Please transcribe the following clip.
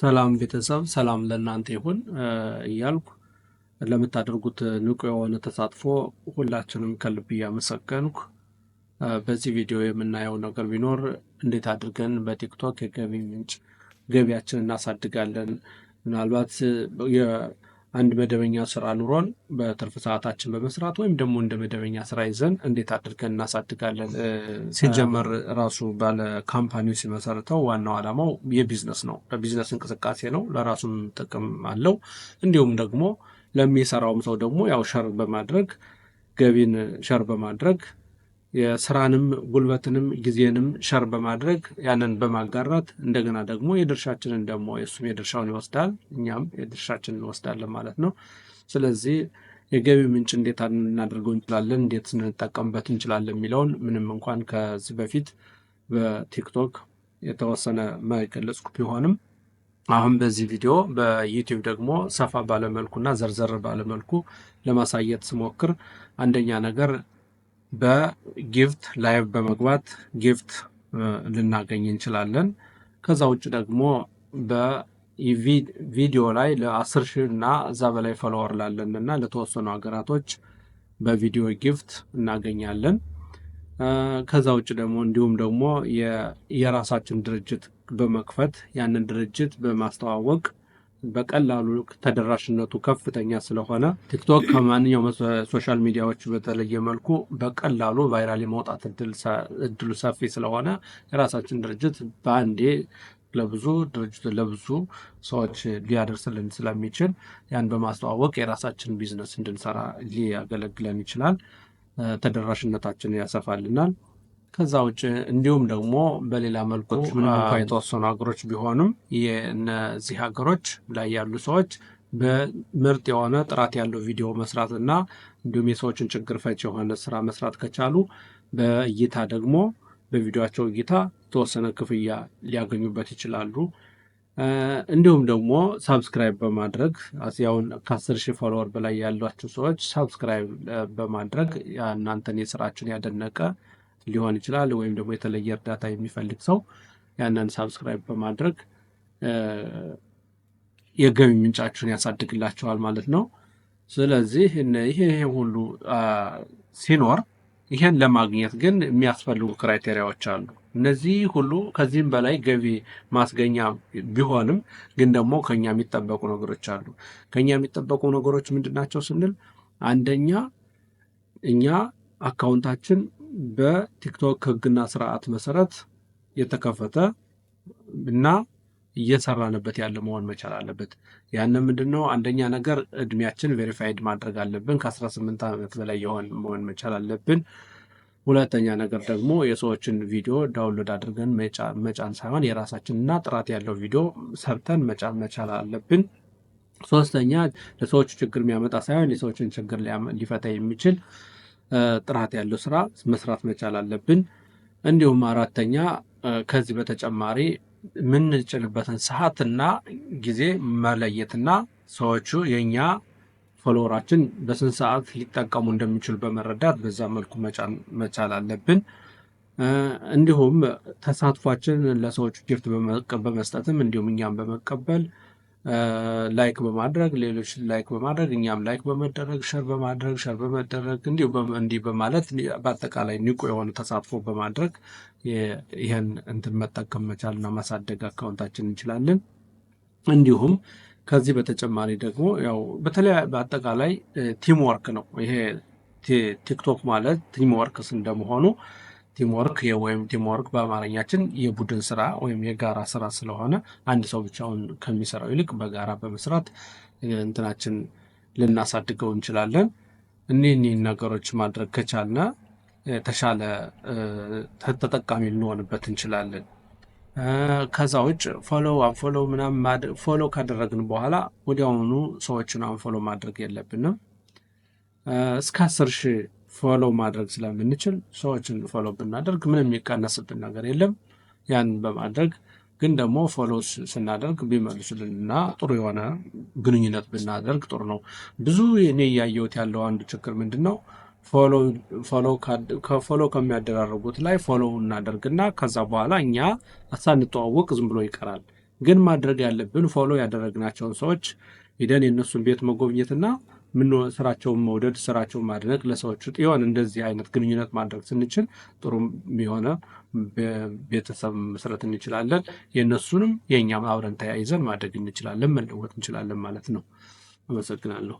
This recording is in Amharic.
ሰላም ቤተሰብ፣ ሰላም ለእናንተ ይሁን እያልኩ ለምታደርጉት ንቁ የሆነ ተሳትፎ ሁላችንም ከልብ እያመሰገንኩ በዚህ ቪዲዮ የምናየው ነገር ቢኖር እንዴት አድርገን በቲክቶክ የገቢ ምንጭ ገቢያችን እናሳድጋለን ምናልባት አንድ መደበኛ ስራ ኑሮን በትርፍ ሰዓታችን በመስራት ወይም ደግሞ እንደ መደበኛ ስራ ይዘን እንዴት አድርገን እናሳድጋለን። ሲጀመር ራሱ ባለ ካምፓኒው ሲመሰርተው ዋናው ዓላማው የቢዝነስ ነው፣ ለቢዝነስ እንቅስቃሴ ነው፣ ለራሱም ጥቅም አለው። እንዲሁም ደግሞ ለሚሰራውም ሰው ደግሞ ያው ሸር በማድረግ ገቢን ሸር በማድረግ የስራንም ጉልበትንም ጊዜንም ሸር በማድረግ ያንን በማጋራት እንደገና ደግሞ የድርሻችንን ደግሞ የእሱም የድርሻውን ይወስዳል፣ እኛም የድርሻችንን እንወስዳለን ማለት ነው። ስለዚህ የገቢ ምንጭ እንዴት እናደርገው እንችላለን፣ እንዴት ስንጠቀምበት እንችላለን የሚለውን ምንም እንኳን ከዚህ በፊት በቲክቶክ የተወሰነ መገለጽኩ ቢሆንም አሁን በዚህ ቪዲዮ በዩቲዩብ ደግሞ ሰፋ ባለመልኩና ዘርዘር ባለመልኩ ለማሳየት ስሞክር አንደኛ ነገር በጊፍት ላይቭ በመግባት ጊፍት ልናገኝ እንችላለን። ከዛ ውጭ ደግሞ በቪዲዮ ላይ ለአስር ሺህ እና እዛ በላይ ፎሎወር ላለን እና ለተወሰኑ ሀገራቶች በቪዲዮ ጊፍት እናገኛለን። ከዛ ውጭ ደግሞ እንዲሁም ደግሞ የራሳችን ድርጅት በመክፈት ያንን ድርጅት በማስተዋወቅ በቀላሉ ተደራሽነቱ ከፍተኛ ስለሆነ ቲክቶክ ከማንኛውም ሶሻል ሚዲያዎች በተለየ መልኩ በቀላሉ ቫይራል የመውጣት እድሉ ሰፊ ስለሆነ የራሳችን ድርጅት በአንዴ ለብዙ ድርጅት ለብዙ ሰዎች ሊያደርስልን ስለሚችል ያን በማስተዋወቅ የራሳችን ቢዝነስ እንድንሰራ ሊያገለግለን ይችላል። ተደራሽነታችን ያሰፋልናል። ከዛ ውጭ እንዲሁም ደግሞ በሌላ መልኩ ምንም እንኳ የተወሰኑ ሀገሮች ቢሆኑም የእነዚህ ሀገሮች ላይ ያሉ ሰዎች በምርጥ የሆነ ጥራት ያለው ቪዲዮ መስራት እና እንዲሁም የሰዎችን ችግር ፈች የሆነ ስራ መስራት ከቻሉ በእይታ ደግሞ በቪዲዮቸው እይታ የተወሰነ ክፍያ ሊያገኙበት ይችላሉ። እንዲሁም ደግሞ ሳብስክራይብ በማድረግ አሁን ከአስር ሺህ ፎሎወር በላይ ያሏቸው ሰዎች ሳብስክራይብ በማድረግ እናንተን የስራችን ያደነቀ ሊሆን ይችላል። ወይም ደግሞ የተለየ እርዳታ የሚፈልግ ሰው ያንን ሳብስክራይብ በማድረግ የገቢ ምንጫችሁን ያሳድግላቸዋል ማለት ነው። ስለዚህ ይሄ ሁሉ ሲኖር ይሄን ለማግኘት ግን የሚያስፈልጉ ክራይቴሪያዎች አሉ። እነዚህ ሁሉ ከዚህም በላይ ገቢ ማስገኛ ቢሆንም ግን ደግሞ ከኛ የሚጠበቁ ነገሮች አሉ። ከኛ የሚጠበቁ ነገሮች ምንድን ናቸው ስንል አንደኛ እኛ አካውንታችን በቲክቶክ ህግና ስርዓት መሰረት የተከፈተ እና እየሰራንበት ያለ መሆን መቻል አለበት። ያን ምንድን ነው አንደኛ ነገር እድሜያችን ቬሪፋይድ ማድረግ አለብን። ከ18 ዓመት በላይ የሆን መሆን መቻል አለብን። ሁለተኛ ነገር ደግሞ የሰዎችን ቪዲዮ ዳውንሎድ አድርገን መጫን ሳይሆን የራሳችንና ጥራት ያለው ቪዲዮ ሰርተን መጫን መቻል አለብን። ሶስተኛ ለሰዎቹ ችግር የሚያመጣ ሳይሆን የሰዎችን ችግር ሊፈታ የሚችል ጥራት ያለው ስራ መስራት መቻል አለብን። እንዲሁም አራተኛ ከዚህ በተጨማሪ የምንጭንበትን ሰዓትና ጊዜ መለየትና ሰዎቹ የእኛ ፎሎወራችን በስንት ሰዓት ሊጠቀሙ እንደሚችሉ በመረዳት በዛ መልኩ መቻል አለብን። እንዲሁም ተሳትፏችን ለሰዎች ጊፍት በመስጠትም እንዲሁም እኛም በመቀበል ላይክ በማድረግ ሌሎች ላይክ በማድረግ እኛም ላይክ በመደረግ ሸር በማድረግ ሸር በመደረግ እንዲሁ እንዲህ በማለት በአጠቃላይ ንቁ የሆነ ተሳትፎ በማድረግ ይህን እንትን መጠቀም መቻል እና ማሳደግ አካውንታችን እንችላለን። እንዲሁም ከዚህ በተጨማሪ ደግሞ ያው በተለያ በአጠቃላይ ቲም ወርክ ነው። ይሄ ቲክቶክ ማለት ቲም ወርክስ እንደመሆኑ ቲምወርክ ወይም ቲምወርክ በአማርኛችን የቡድን ስራ ወይም የጋራ ስራ ስለሆነ አንድ ሰው ብቻውን ከሚሰራው ይልቅ በጋራ በመስራት እንትናችን ልናሳድገው እንችላለን። እኒህ እኒህን ነገሮች ማድረግ ከቻልና የተሻለ ተጠቃሚ ልንሆንበት እንችላለን። ከዛ ውጭ ፎሎ አንፎሎ ምናምን ፎሎ ካደረግን በኋላ ወዲያውኑ ሰዎችን አንፎሎ ማድረግ የለብንም። እስከ አስር ሺህ ፎሎ ማድረግ ስለምንችል ሰዎችን ፎሎ ብናደርግ ምንም የሚቀነስብን ነገር የለም። ያንን በማድረግ ግን ደግሞ ፎሎ ስናደርግ ቢመልሱልንና ጥሩ የሆነ ግንኙነት ብናደርግ ጥሩ ነው። ብዙ እኔ እያየሁት ያለው አንዱ ችግር ምንድን ነው? ከፎሎ ከሚያደራረጉት ላይ ፎሎ እናደርግና ከዛ በኋላ እኛ ሳንተዋወቅ ዝም ብሎ ይቀራል። ግን ማድረግ ያለብን ፎሎ ያደረግናቸውን ሰዎች ሂደን የእነሱን ቤት መጎብኘትና ምን ስራቸውን መውደድ፣ ስራቸውን ማድነቅ፣ ለሰዎች የሆነ እንደዚህ አይነት ግንኙነት ማድረግ ስንችል ጥሩም የሆነ ቤተሰብ መስረት እንችላለን። የእነሱንም የእኛም አብረን ተያይዘን ማድረግ እንችላለን፣ መለወጥ እንችላለን ማለት ነው። አመሰግናለሁ።